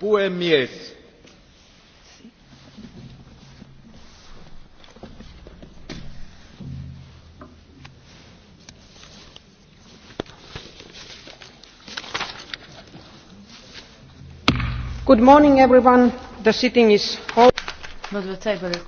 Puhemies. Good morning everyone. The sitting is over.